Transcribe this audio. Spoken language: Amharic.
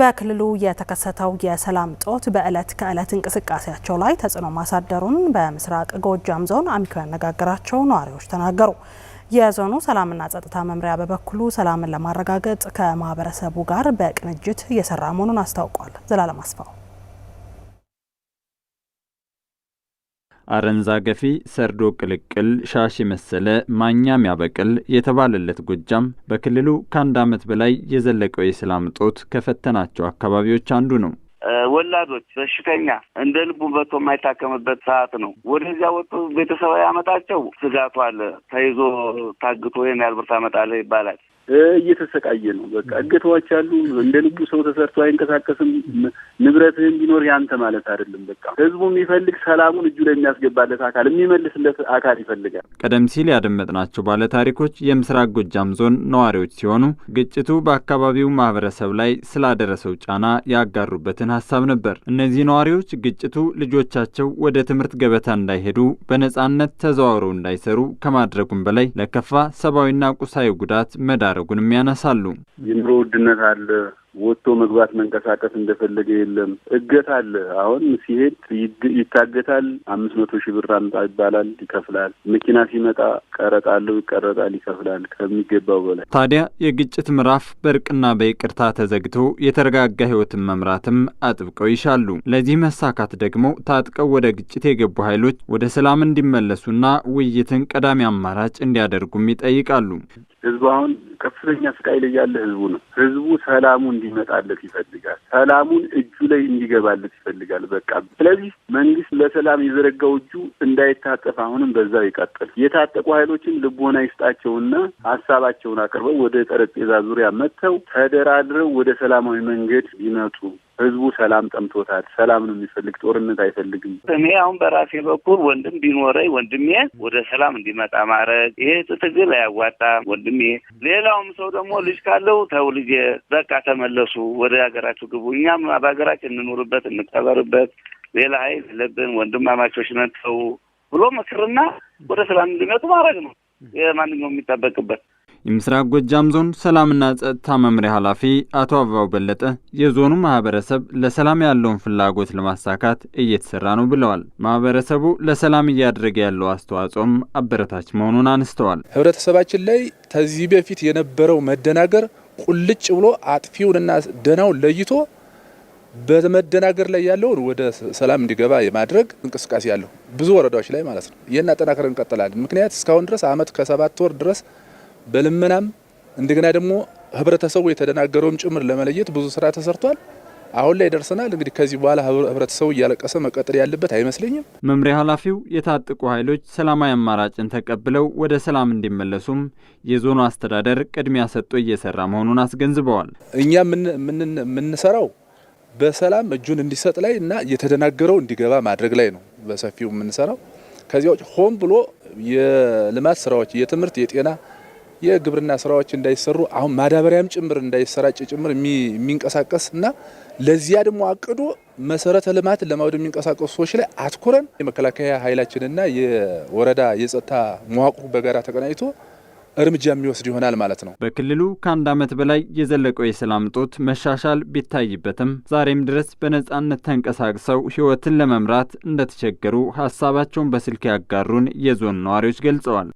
በክልሉ የተከሰተው የሰላም ጦት በዕለት ከዕለት እንቅስቃሴያቸው ላይ ተጽዕኖ ማሳደሩን በምስራቅ ጎጃም ዞን አሚኮ ያነጋገራቸው ነዋሪዎች ተናገሩ። የዞኑ ሰላምና ጸጥታ መምሪያ በበኩሉ ሰላምን ለማረጋገጥ ከማህበረሰቡ ጋር በቅንጅት እየሰራ መሆኑን አስታውቋል። ዘላለም አስፋው አረንዛ ገፊ፣ ሰርዶ ቅልቅል፣ ሻሽ የመሰለ ማኛም ያበቅል የተባለለት ጎጃም በክልሉ ከአንድ ዓመት በላይ የዘለቀው የሰላም እጦት ከፈተናቸው አካባቢዎች አንዱ ነው። ወላዶች በሽተኛ እንደ ልቡ በቶ የማይታከምበት ሰዓት ነው። ወደዚያ ወጡ ቤተሰብ ያመጣቸው ስጋቱ አለ። ተይዞ ታግቶ ይህን ያልብርት ብር ይባላል። እየተሰቃየ ነው። በቃ እገተዋች አሉ። እንደ ልቡ ሰው ተሰርቶ አይንቀሳቀስም። ንብረትህም ቢኖር ያንተ ማለት አይደለም። በቃ ህዝቡ የሚፈልግ ሰላሙን እጁ ላይ የሚያስገባለት አካል የሚመልስለት አካል ይፈልጋል። ቀደም ሲል ያደመጥናቸው ባለታሪኮች የምስራቅ ጎጃም ዞን ነዋሪዎች ሲሆኑ ግጭቱ በአካባቢው ማህበረሰብ ላይ ስላደረሰው ጫና ያጋሩበትን ሀሳብ ነበር። እነዚህ ነዋሪዎች ግጭቱ ልጆቻቸው ወደ ትምህርት ገበታ እንዳይሄዱ በነጻነት ተዘዋውረው እንዳይሰሩ ከማድረጉም በላይ ለከፋ ሰብአዊና ቁሳዊ ጉዳት መዳረ ማድረጉንም ያነሳሉ። የኑሮ ውድነት አለ። ወጥቶ መግባት መንቀሳቀስ እንደፈለገ የለም። እገት አለ። አሁን ሲሄድ ይታገታል። አምስት መቶ ሺህ ብር አምጣ ይባላል፣ ይከፍላል። መኪና ሲመጣ ቀረጥ አለው፣ ይቀረጣል፣ ይከፍላል ከሚገባው በላይ። ታዲያ የግጭት ምዕራፍ በእርቅና በይቅርታ ተዘግቶ የተረጋጋ ህይወትን መምራትም አጥብቀው ይሻሉ። ለዚህ መሳካት ደግሞ ታጥቀው ወደ ግጭት የገቡ ኃይሎች ወደ ሰላም እንዲመለሱና ውይይትን ቀዳሚ አማራጭ እንዲያደርጉም ይጠይቃሉ። ህዝቡ አሁን ከፍተኛ ስቃይ ላይ ያለ ህዝቡ ነው። ህዝቡ ሰላሙ እንዲመጣለት ይፈልጋል። ሰላሙን እጁ ላይ እንዲገባለት ይፈልጋል። በቃ ስለዚህ መንግስት ለሰላም የዘረጋው እጁ እንዳይታጠፍ አሁንም በዛው ይቀጥል። የታጠቁ ኃይሎችን ልቦና ይስጣቸውና ሀሳባቸውን አቅርበው ወደ ጠረጴዛ ዙሪያ መጥተው ተደራድረው ወደ ሰላማዊ መንገድ ይመጡ። ህዝቡ ሰላም ጠምቶታል። ሰላም ነው የሚፈልግ፣ ጦርነት አይፈልግም። እኔ አሁን በራሴ በኩል ወንድም ቢኖረኝ ወንድሜ ወደ ሰላም እንዲመጣ ማድረግ፣ ይሄ ትግል አያዋጣም ወንድሜ። ሌላውም ሰው ደግሞ ልጅ ካለው ተው ልጄ፣ በቃ ተመለሱ፣ ወደ ሀገራችሁ ግቡ፣ እኛም በሀገራችን እንኖርበት እንቀበርበት፣ ሌላ ሀይል የለብን፣ ወንድማማቾች ነን፣ ተው ብሎ ምክርና ወደ ሰላም እንዲመጡ ማድረግ ነው የማንኛውም የሚጠበቅበት የምስራቅ ጎጃም ዞን ሰላምና ጸጥታ መምሪያ ኃላፊ አቶ አበባው በለጠ የዞኑ ማህበረሰብ ለሰላም ያለውን ፍላጎት ለማሳካት እየተሰራ ነው ብለዋል። ማህበረሰቡ ለሰላም እያደረገ ያለው አስተዋጽኦም አበረታች መሆኑን አንስተዋል። ህብረተሰባችን ላይ ከዚህ በፊት የነበረው መደናገር ቁልጭ ብሎ አጥፊውንና ደናውን ለይቶ በመደናገር ላይ ያለውን ወደ ሰላም እንዲገባ የማድረግ እንቅስቃሴ ያለው ብዙ ወረዳዎች ላይ ማለት ነው። ይህን አጠናክረን እንቀጥላለን። ምክንያት እስካሁን ድረስ አመት ከሰባት ወር ድረስ በልመናም እንደገና ደግሞ ህብረተሰቡ የተደናገረውም ጭምር ለመለየት ብዙ ስራ ተሰርቷል። አሁን ላይ ደርሰናል። እንግዲህ ከዚህ በኋላ ህብረተሰቡ እያለቀሰ መቀጠል ያለበት አይመስለኝም። መምሪያ ኃላፊው የታጠቁ ኃይሎች ሰላማዊ አማራጭን ተቀብለው ወደ ሰላም እንዲመለሱም የዞኑ አስተዳደር ቅድሚያ ሰጥቶ እየሰራ መሆኑን አስገንዝበዋል። እኛ የምንሰራው በሰላም እጁን እንዲሰጥ ላይ እና የተደናገረው እንዲገባ ማድረግ ላይ ነው በሰፊው የምንሰራው። ከዚያ ውጭ ሆን ብሎ የልማት ስራዎች የትምህርት፣ የጤና የግብርና ስራዎች እንዳይሰሩ አሁን ማዳበሪያም ጭምር እንዳይሰራጭ ጭምር የሚንቀሳቀስ እና ለዚያ ደግሞ አቅዶ መሰረተ ልማት ለማውደም የሚንቀሳቀሱ ሰዎች ላይ አትኩረን የመከላከያ ኃይላችንና የወረዳ የጸጥታ መዋቅሩ በጋራ ተቀናጅቶ እርምጃ የሚወስድ ይሆናል ማለት ነው። በክልሉ ከአንድ ዓመት በላይ የዘለቀው የሰላም እጦት መሻሻል ቢታይበትም ዛሬም ድረስ በነጻነት ተንቀሳቅሰው ህይወትን ለመምራት እንደተቸገሩ ሀሳባቸውን በስልክ ያጋሩን የዞን ነዋሪዎች ገልጸዋል።